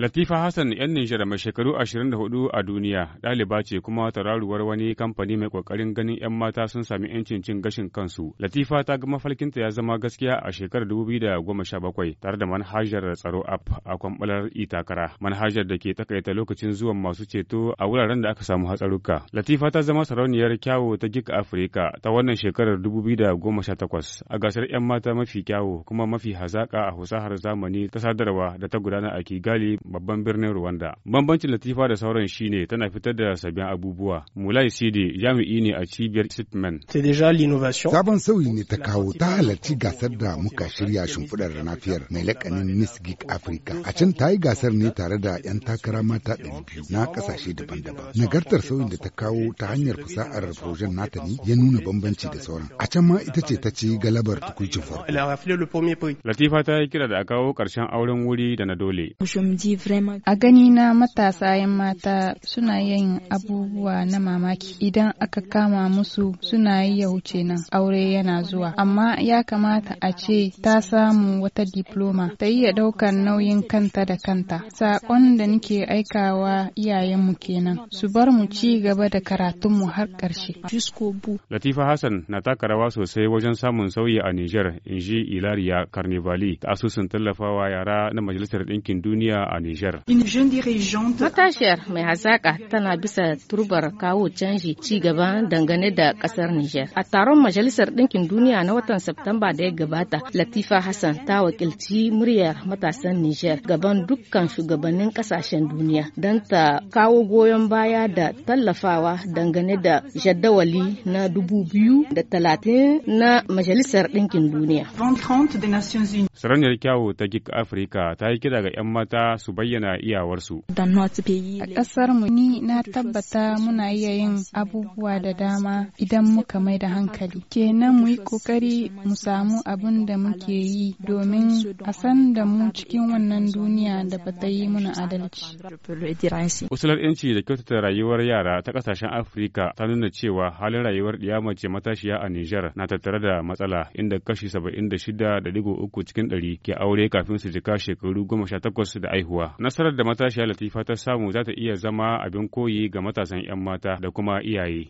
Latifa Hassan ‘yan Nijar mai shekaru 24 a duniya, ɗaliba ce kuma tararuwar wani kamfani mai ƙoƙarin ganin ‘yan mata sun sami ‘yancin cin gashin kansu. Latifa ta ga mafarkinta ya zama gaskiya a shekarar 2017 tare da manhajar tsaro app a kwamɓalar itakara, manhajar da ke takaita lokacin zuwan masu ceto a wuraren da aka samu hatsaruka. Latifa ta zama sarauniyar kyawu ta Gik Afirka ta wannan shekarar 2018 a gasar ‘yan mata mafi kyawu kuma mafi hazaƙa a fasahar zamani ta sadarwa da ta gudana a Kigali babban birnin Rwanda. Bambancin Latifa da sauran shine tana fitar da sabbin abubuwa. Mulai Sidi jami'i ne a cibiyar Sitman. Sabon sauyi ne ta kawo ta halarci gasar da muka shirya shimfiɗar ranafiyar mai lakanin Miss Geek Africa. A can ta yi gasar ne tare da 'yan takara mata ɗari biyu na ƙasashe daban-daban. Nagartar sauyin da ta kawo ta hanyar fasa'ar projen nata ne ya nuna bambanci da sauran. A can ma ita ce ta ci galabar tukuncin farko. Latifa ta yi kira da a kawo ƙarshen auren wuri da na dole. A gani na matasa 'yan mata suna yin abubuwa na mamaki idan aka kama musu suna yi ya wuce nan aure yana zuwa. Amma ya kamata a ce ta samu wata diploma ta iya ɗaukar nauyin kanta da kanta. Saƙon da nake aikawa iyayenmu kenan su bar mu ci gaba da karatunmu har ƙarshe. Latifa Hassan na taka rawa sosai wajen samun sauyi a niger in ji Ilariya karnivali ta asusun tallafawa yara na Majalisar Ɗinkin Duniya a a Nijar. Matashiyar mai hazaƙa tana bisa turbar kawo canji ci gaba dangane da ƙasar Nijar. A taron Majalisar Ɗinkin Duniya na watan Septamba da ya gabata, Latifa Hassan ta wakilci muryar matasan Nijar gaban dukkan shugabannin ƙasashen duniya don ta kawo goyon baya da tallafawa dangane da jadawali na dubu biyu da talatin na Majalisar Ɗinkin Duniya. Sarauniyar kyawu ta Gik Afirka ta yi kira ga 'yan mata su su bayyana iyawarsu. A ƙasar mu ni na tabbata muna iya yin abubuwa da dama idan muka mai da hankali. Kenan mu yi ƙoƙari mu samu abin da muke yi domin a san da mu cikin wannan duniya da ba ta yi muna adalci. Usular 'yanci da kyautata rayuwar yara ta kasashen Afirka ta nuna cewa halin rayuwar ɗiya mace matashiya a Nijar na tattare da matsala inda kashi 76.3 cikin 100 ke aure kafin su jika shekaru 18 da aihuwa. Nasarar da matashiya Latifa ta samu za ta iya zama abin koyi ga matasan 'yan mata da kuma iyaye.